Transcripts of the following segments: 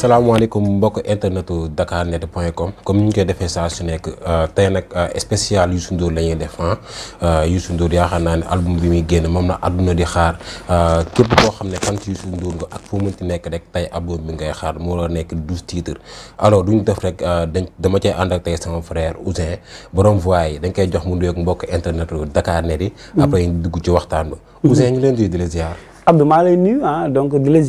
salaamaaleykum mbokk internetu dakar net point com comme ni ñu koy defee saa su nekk euh, tey nag euh, spécial Youssou Ndour la ñuy def ah Youssou Ndour yaakaar naa ne album bi muy génn moom la àdduna di xaar képp koo xam ne fan ci Youssou Ndour nga ak foo mënti nekk rek tey album bi ngay xaar moo la nekk douze titres alors duñ def rek dañ dama cay ànd ak tey sama frère Ousin borom voix yi dañ koy jox mu nuyoog mbokk internet dakar net yi. Mm-hmm. après ñu dugg ci waxtaan ba. Ousin ñu leen di di la ziar. Abdou maa lay nuyu ah donc di la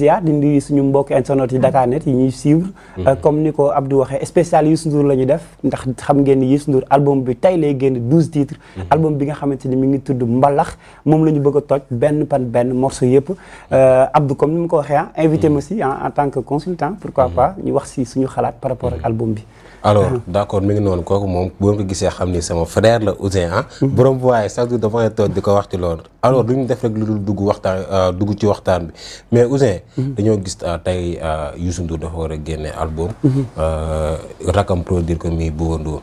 suñu mbokk internet yi Dakar Net yi ñuy suivre. Mm-hmm. Euh, comme ni ko Abdou waxee spécial Youssou Ndour la ñu def ndax xam ngeen ni Youssou Ndour album bi tey lay génn douze titres. Mm-hmm. album bi nga xamante ni mi ngi tudd Mbalax moom la ñu bëgg a toj benn pan benn morceau yëpp. Mm-hmm. Euh, Abdou comme ni mu ko waxee ah invité ma si ah, en tant que consultant pourquoi pas ñu wax si suñu xalaat par rapport ak album bi. alors ah. d' accord mi ngi noonu kooku moom bu ko gisee xam ni sama frère la Ouzin ah. Mm-hmm. borom bu waaye chaque jour dafay toog di ko wax ci loolu. alors lu ñu def rek lu dul dugg waxtaan euh, dugg ci waxtaan bi mais Ouzin. Mm-hmm. dañoo gis euh, tey euh, Youssou Ndour dafa war a génne album. Mm-hmm. rakam produire ko muy Bouba Ndour.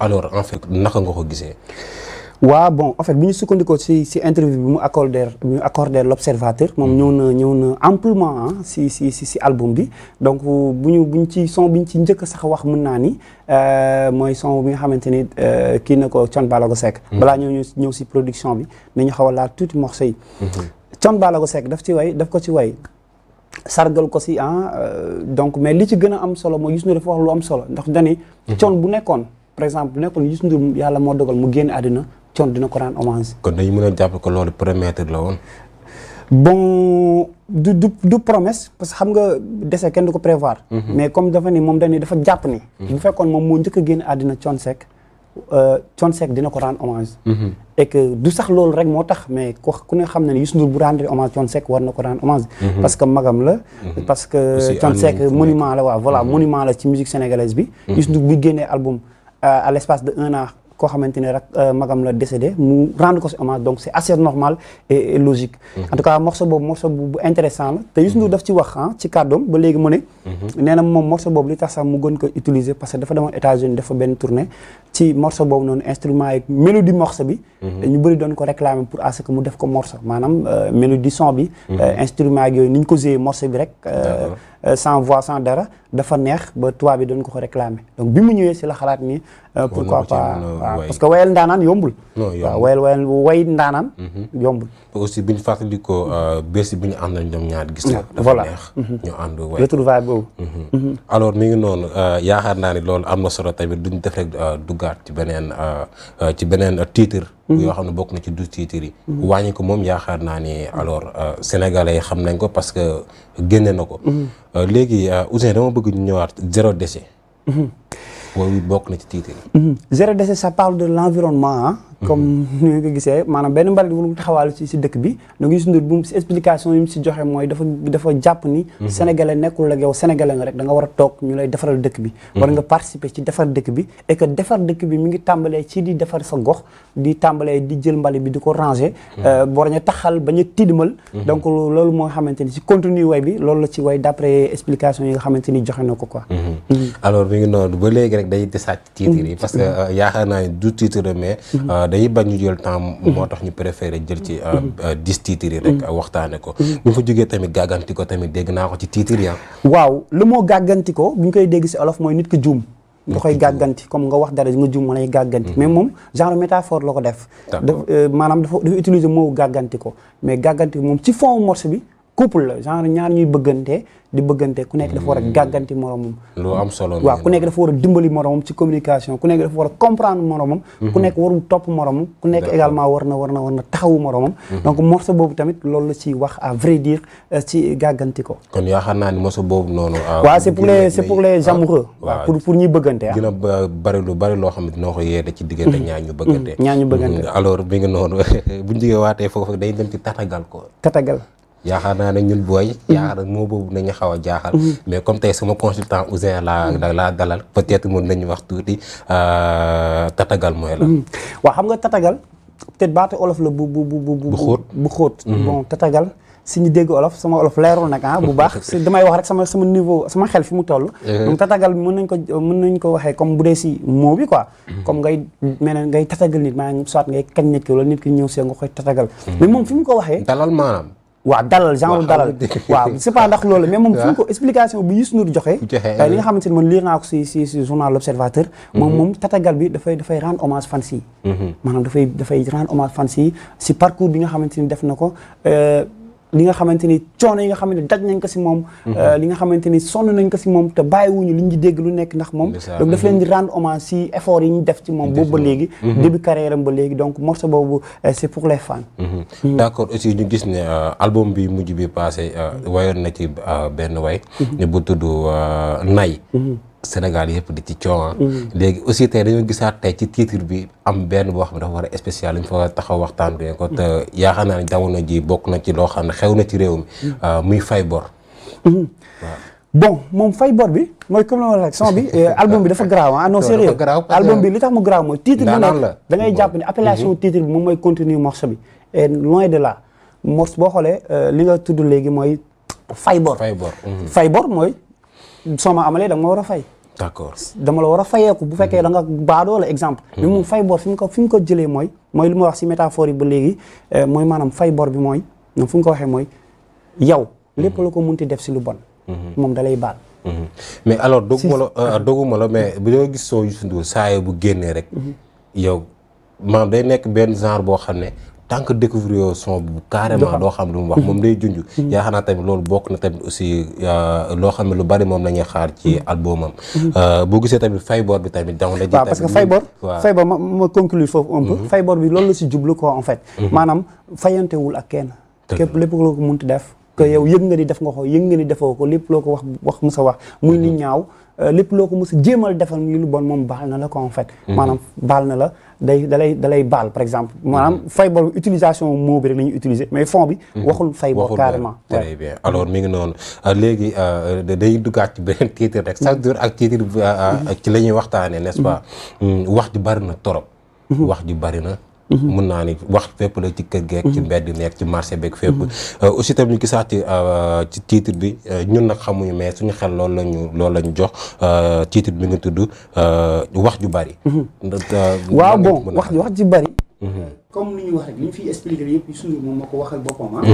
alors en fait naka nga ko gisee. waa bon en fait bu ñu sukkandikoo si si interview bi mu accordé bi mu accordé moom ñëw na ñëw na amplement ah si si si si album bi donc bu ñu bu ñu ci son bi ñu ci njëkk sax wax mën naa ni euh, mooy son bi nga xamante ni euh, kii na ko Thione Ballago Seck. Mhm. balaa ñëw ñëw si production bi nañu xaw a laal tuuti morceau yi. Mhm. Thione Ballago Seck daf ci way daf ko ci way. sargal ko si ah euh, donc mais li ci gën a am solo mooy Youssou Ndour dafa wax lu am solo ndax dañuy. Mhm. Thione bu nekkoon par exemple bu nekkoon Youssou yàlla moo dogal mu génn àddina Thione dina ko rendre hommage. kon dañu mën a jàpp ko loolu promettre la woon. bon du du promesse parce que xam nga dese kenn du ko prévoir. Mhm. mais comme dafa ni moom dañuy dafa jàpp ni. Mhm. bu fekkoon moom moo njëkk a génn àddina Thione Seck. Euh, Thione Seck dina ko rendre hommage. Mhm. et que du sax loolu rek moo tax mais ku ne xam na ne Youssou Ndour bu rendre hommage Thione Seck war na ko rendre hommage. parce que magam la. parce que Thione Seck monument la waaw voilà monument la koo xamante ne rak euh, magam la décédé mu rendre ko si hommage donc c' est normal et logique mhm. en tout boobu morceau bu intéressant la te Youssou Ndour mhm. daf ci wax ah, ci kàddoom ba léegi mu ne mhm. nee moom morceau boobu li tax sax mu gën ko utiliser parce que dafa demoon États-Unis dafa benn tournée ci morceau boobu noonu instrument yeeg mélodie morceau bi ñu bëri doon ko réclamer pour à ce mu def ko morceau maanaam euh, mélodie son bi euh, instrument ak yooyu ni ñu ko joué Euh, sans voix sans dara dafa neex ba tubaab bi doon ko ko réclamer bi mu ñëwee si xalaat ni euh, pourquoi pas waaw parce que wayal ndaanaan yombul waaw way ndaanaan mhm. yombul aussi bi ñu fàttali ko euh, bés bi ñu ànd nañ ñoom ñaar gis la dafa mhm. ànd way mhm. alors mi ngi noonu yaakaar naa ni loolu am na solo tamit duñ def rek duggaat ci beneen ci beneen titre yoo xam ne bokk na ci du titres yi wàññi ko moom yaakaar naa ni alors sénégalais yi xam nañ ko parce que génne na ko Euh, léegi euh, Ouzin dama bëgg ñu ñëwaat zéro déchet. Mhm. boobu bokk na ci titre yi. dese mhm. déchet ça de l'environnement hein? comme ni nga ko gisee maanaam benn mbalit mënu taxawaalu ci si dëkk bi donc Youssou Ndour bu si explication yi mu si joxe mooy dafa dafa jàpp ni mhm. sénégalais nekkul ak yow sénégalais nga rek da nga war a toog ñu lay defaral dëkk bi mhm. war nga participer ci defar dëkk bi et que defar dëkk bi mi ngi tàmbalee ci di defar sa gox di tàmbalee di jël mbali bi di ko ranger bañ mhm. euh, a taxal bañ a tidimal donc loolu moo xamante ni si continue way bi loolu la ci way d'après explication yi nga xamante ni joxe na ko ko alors mi ngi noonu ba léegi rek day desaat titre yi parce que euh, yaakaar naa du day bañ ñu jël temps moo tax ñu préféré jël ci euh, mhm. euh, dix titres yi mhm. waxtaane ko mhm. bu fa jógee tamit gàgganti ko tamit dégg naa ko ci titres yi ah. waaw lu moo gàgganti ko bu ñu koy dégg si olof mooy nit ko juum nga koy gàgganti comme nga wax dara nga juum ma lay gàgganti mais moom genre métaphore la ko def daf euh, maanaam dafa dafa utiliser moo gàgganti ko mais gàgganti ko moom ci fond morceau bi couple la genre ñaar ñuy bëggante di bëggante ku nekk dafa war a mm-hmm. gàgganti moromam. lu am solo waa ku nekk dafa war a dimbali moromam ci communication ku nekk dafa war a comprendre moromam. ku mm-hmm. nekk warul topp moromam. ku nekk également war na war na war na taxawu moromam. Mm-hmm. donc morceau boobu tamit loolu la ciy wax à vrai dire euh, gàgganti ko. kon yaakaar naa ni morceau boobu noonu. Euh, waaw c'est pour les c'est pour les ah, amoureux. waaw ah, pour pour ñuy bëggante ah. dina bari lu bari loo xam ne dina ko yeede ci diggante ñaar ñu bëggante. ñaar ñu bëggante alors bi nga noonu bu ñu jógee waatee foofu day dem ci tatagal ko. tatagal yaakaar naa ne ñun booy. yaakaar moo boobu nañu xaw a jaaxal. Mm-hmm. mais comme tey sama consultant Ousin laa mm-hmm. laa dalal peut-être mën nañu wax tuuti euh, tatagal mooy la. Mm-hmm. waaw xam nga tatagal peut-être olof la bu bu bu bu. bu xóot bu xóot. bon tatagal si ñu olof sama olof leerul nag ah bu baax damay wax rek sama sama niveau sama xel fi mu toll. donc tatagal mën nañ ko mën nañ ko waxee comme bu dee si mot bi quoi. comme ngay mel ne ngay tatagal nit maanaam soit ngay kañ nit ki wala nit ki ñëw see nga tatagal. mais moom fi mu ko waxee. dalal maanaam. waaw dalal genre dalal waaw c'est ndax loolu mais moom fu ñu ko explication bi Youssou Ndour joxe tey euh, li nga xamante ni ko si si si journal l'Observateur mhm. moom moom tatagal bi dafay dafay rendre hommage fans yi mhm. dafay dafay rendre hommage si parcours bi nga def na ko euh, li nga xamante ni coono yi nga xamante ni daj nañ ko si moom mhm. euh, li nga xamante ni sonn nañ ko si moom te bàyyiwuñu li ñu dégg lu nekk ndax moom donc daf leen di rendre hommage si effort yi ñu def ci moom boobu ba léegi mhm. début carrière am ba léegi donc morceau boobu euh, c'est pour les fans mhm. mm. d' accord aussi ñu gis ne euh, album bi mujj bi passé wayoon na ci benn way ne bu tudd nay Sénégal yëpp di ci coowa. Ah. Mm. léegi aussi tey dañoo gisaat tey ci titre bi am benn boo xam ne dafa war a spécial ñu fa taxaw waxtaan ko ko mm. euh, yaakaar naa ne jamono ji bokk na ci loo xam ne xew na ci réew mm. euh, muy fay bor. Mm-hmm. waaw bon moom fay bor bi mooy comme la ma la son bi euh, album bi dafa garaaw ah non sérieux album bi li tax mu garaaw mooy titre bi nekk jàpp ne appellation mm-hmm. titre moom mooy continuer morceau bi et loin de la morceau boo xoolee li nga tudd léegi mooy fay bor fay bor mm-hmm. mooy soo ma amalee da nga ma war a fay. d'accord dama la war a fayeeku bu fekkee da nga baadoo exemple hmm. bi mu fay bor fi mu ko fi mu ko jëlee mooy mooy li ma wax si métaphore yi ba léegi eh, mooy maanaam fay bor bi mooy ñoom fu mu ko waxee mooy yow hmm. lépp la ko mun ti def si lu bon hmm. moom dalay lay baal mais alors doguma la euh, doguma la mais bu doo gis soo Youssou Ndour saa bu génnee rek yow maanaam day nekk benn genre boo xam ne tant que découvrir son bu carrément doo xam lu mu wax moom day junj mm-hmm. yaakaar naa tamit loolu bokk na tamit aussi euh, loo xam ne lu bari moom la xaar ci mm-hmm. albumam mm-hmm. Euh, boo gisee tamit Faybor bi tamit dama la waaw parce que ma ma foofu un peu Faybor bi loolu la si jublu quoi en fait maanaam fayantewul ak kenn képp lépp loo ko munti def que yow yëg nga ni def nga ko yëg nga ni defoo ko lépp loo ko wax wax mu sa wax muy ni ñaaw euh, lépp loo ko mos a jéemal defal day dalay dalay baal par exemple maanaam mm-hmm. fay bor utilisation mot bi rek la ñuy mais fond bi mm-hmm. waxul fay bor carrément très bien alors mi ngi noonu euh, léegi euh, day duggaat ci beneen titre rek chaque jour ak titre euh, ci la ñuy waxtaanee n'est-ce mm-hmm. mm, wax ji bari na torop wax ji bari na Mm-hmm. mun naa ni wax fépp la ci kër geek ci mm-hmm. mbedd meek ci marché beeg fépp mm-hmm. euh, aussi tam ñu gisaat ci euh, ci titre bi euh, ñun nag xamuñu mais suñu xel loolu lañu loolu la ñu jox titre bi nga tudd wax ju bari waaw bon wax wax ju bari comme ni ñu wax rek li ñu fiy expliqué yëpp suñu ko waxal boppam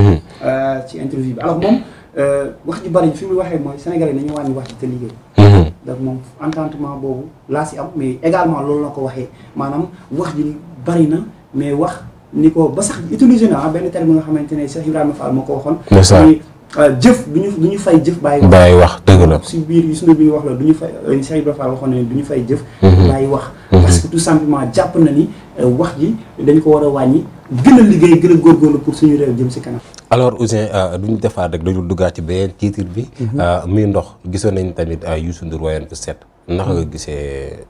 ah ci interview wax ju bari fi muy waxee mooy sénégalais nañu wàññi wax ji te liggéey donc moom entendement boobu laa si am mais également loolu la ko waxee maanaam wax ji bari na mais wax ni ko ba sax utilisé na benn bi nga xamante ne Cheikh Ibrahima Fall moo ko waxoon. ni euh, jëf du ñu ñu fay jëf. bàyyi wax bàyyi wax dëgg si biir suñu biir wax la du fay euh, Cheikh Ibrahima waxoon du ñu fay jëf. Mm-hmm. bàyyi wax. Mm-hmm. parce jàpp na ni euh, wax ji dañ ko war a wàññi gën a pour suñu jëm si kanam. alors Ouzin duñu defaat rek dañu duggaat ci beneen titre bi. Mm-hmm. muy ndox gisoon nañ tamit Youssou Ndour wayoon ko set. naka nga gisee.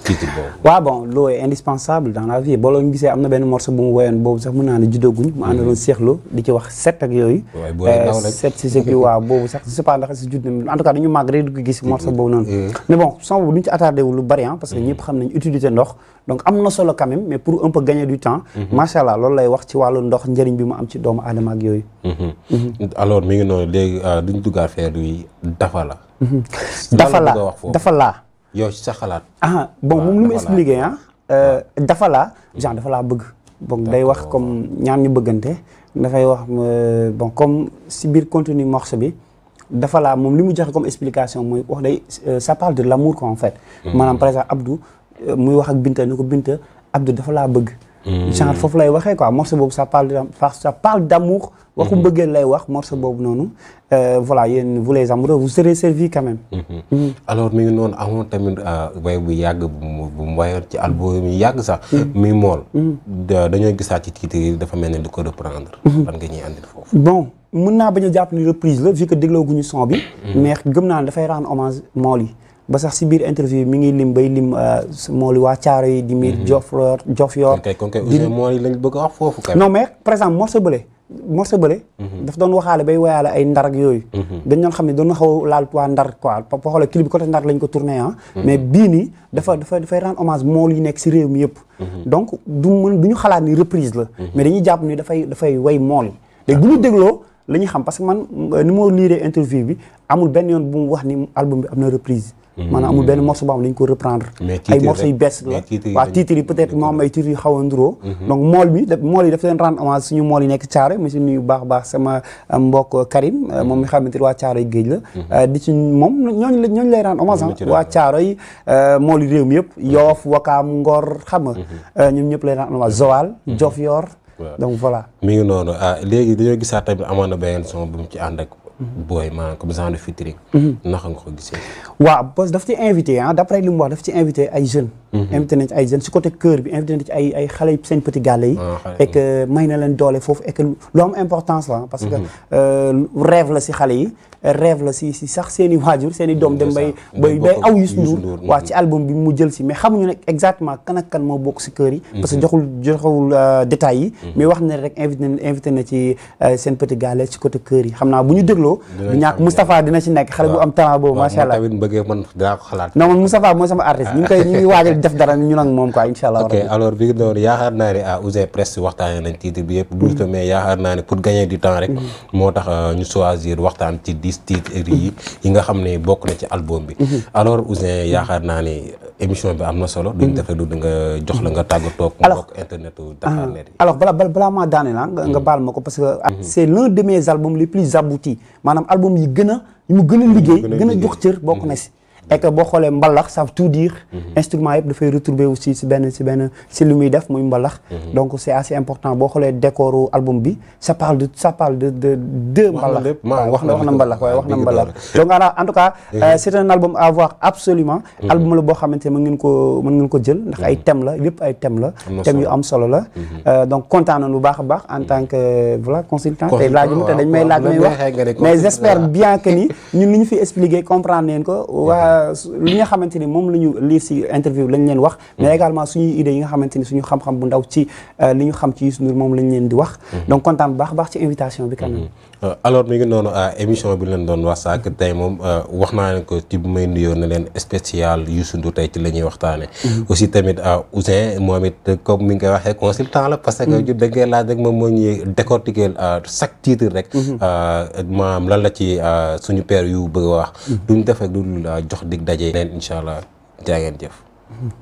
titre boobu. waaw bon l'eau est indispensable dans la vie booloo ñu gisee am na benn morceau bu mu woyoon boobu sax mën naa ne juddooguñ mu àndaloon seexloo mm-hmm. di ci wax set ak yooyu. waaye booy naaw rek set si waaw boobu sax je sais pas ndax si judd en tout cas dañu màgg rek di mm-hmm. que ñëpp mm-hmm. xam nañ utilité ndox. donc am na solo quand même mais pour un peu gagner du temps. macha allah loolu lay wax ci wàllu ndox njëriñ bi mu am ci doomu aadama ak yooyu. alors mi ngi noonu léegi euh, duñ a affaire yi dafa la. dafa la dafa laa yow ci sa xalaat. ah bon moom lu ma expliqué ah. Euh, dafa laa genre dafa laa bëgg. bon day wax comme ñaar ñu bëggante dafay wax euh, bon comme si biir contenu morceau bi dafa laa moom li mu joxe comme explication muy wax day euh, ça parle de l'amour quoi en fait. Hmm. maanaam par exemple Abdou muy wax ak Binta ni ko Binta Abdou dafa laa bëgg. Mm. genre foofu lay waxee quoi morceau boobu ça parle ça parle d'amour waxu mbëggeel mm-hmm. lay wax morceau boobu noonu euh, voilà yéen vous les amoureux vous serez servis quand même mm-hmm. mm. alors mi ngi noonu amoon tamit euh, way bu yàgg bu mu wayoon ci album yi yàgg sax mm. mi mool dañoo gisaat ci titre dafa mel ne du ko reprendre ban mm-hmm. nga ñuy andil foofu bon mën naa bañ a jàpp ni reprise la vu que déglooguñu son bi mais gëm naa ne dafay rendre hommage mool yi ba sax si biir interview mi ngi lim bay lim euh, moo li waa caaro yi di miir jof jof yor di moo lañ bëgg a wax foofu non mais par exemple morceau bële morceau bële mhm. bay woyaale ay ndar ak yooyu mhm. dañ doon xam ne doon xaw laal ndar quoi boo xoolee clip lañ ko tourné ah. mhm. mais bii nii dafa dafa dafay rendre hommage mool yi nekk si réew mi yëpp donc du mën du ñu xalaat ni reprise la mais dañuy jàpp ni dafay dafay way mool yi léegi bu ñu dégloo la ñuy xam parce que man euh, ni moo liiree interview bi amul benn yoon bu mu wax ni album bi am na reprise maanaam amul benn morceau boo xam ne dañ ko reprendre ay morceau yu bees la waaw titre yi peut être moo am ay titre yu xaw a nduroo mhm. donc mool bi mool yi daf leen rendre hommage suñu mool yi nekk Thiaré ma si nuyu baax baax sama euh, mbokk Karim euh, mhm. moom mi xamante ni waa Thiaré géej la mhm. euh, di ci moom ñooñu ñooñu lay rendre hommage ah. waa Thiaré mool yi réew mi yëpp Yoff Wakaam Ngor xam nga ñoom ñëpp lay rendre hommage Joal Diofior donc voilà mi ngi noonu ah léegi dañoo gisaat tamit amoon na beneen son bu mu ci ànd ak booy ma comme genre de featuring. Mhm. naka nga ko gisee. waaw boss daf ci invité ah d' après li mu wax daf ci invité ay jeunes. Mhm. invité nañ ci ay si côté cœur bi invité ci ay xale seen petit gàlle yi ah, et euh, may na leen doole foofu ek que lu am importance la parce que mhm. euh, rêve la si xale yi rêve la si si sax seen waajur seen i doom dem bay bay bay aw Youssou Ndour waaw mhm. ci album bi mu jël si mais xamuñu nag exactement kan ak kan moo bokk si kër yi parce que joxul joxul euh, détails yi mais wax na rek invité invité na ci seen petit gàlle ci côté yi xam naa bu ñu dégloo du ñàkk Moustapha dina si nekk xale bu am talent boobu macha allah non man mooy sama artiste ñu ngi koy ñu def dara ñu nag moom quoi incha allah. ok alors bi door yaakaar naa ne ah Ouzin Presse waxtaanee nañ titre bi yëpp. douze mm. mais yaakaar naa ne pour gagner du temps mm. euh, waxtaan ci dix titres mm. yi yi nga xam ne bokk na ci album bi. Mm-hmm. alors Ouzin yaakaar naa ne émission bi am na solo. duñ lu nga jox la nga tàggatoo. alors mu bokk internet ah, Dakar Net yi. alors balaa balaa maa la nga baal ma ko parce que. Ah, mm-hmm. c' est l' un de mes albums les plus aboutis maanaam album yi gën a. yi mu gën a liggéey gën a jox cër bokk mm-hmm. na si. et que boo xoolee mbalax ça tout dire mhm. instrument yëpp dafay retrouver si benn si benn si lu muy def muy mbalax mhm. donc c' assez important boo xoolee décoru album bi ça parle de deux mbalax na mbalax waaye wax na mbalax donc en tout cas mhm. euh, c' est un album absolument album la boo xamante mën ngeen ko mën ko jël ndax ay thème la yëpp ay thème la thème yu am solo la euh, donc kontaan na lu baax a baax en tant que euh, voilà consultant tey laajuma te dañ may laaj may wax mais j' espère Euh, li nga xamante ni moom la ñu lii si interview lañ leen wax mais hmm. également suñuy idées yi nga xamante ni suñu xam-xam bu ndaw ci euh, li ñu xam ci Youssou Ndour moom lañ leen di wax hmm. donc kontaan bu baax baax ci invitation bi quand Euh, alors mi ngi noonu euh, émission bi leen doon wax sànq tey moom euh, wax naa ne ko ci bu may nuyoo na leen spécial Youssou Ndour tey ci la ñuy waxtaane mhm. aussi tamit Ouzin moom it comme mi ngi koy waxee consultant la parce que ju mhm. dëggee laaj rek moom moo ñuy décortiquer chaque titre rek maanaam mhm. lan la ci suñu père yu bëgg a wax duñ def rek lu dul jox dig daje leen incha allah jaa ngeen jëf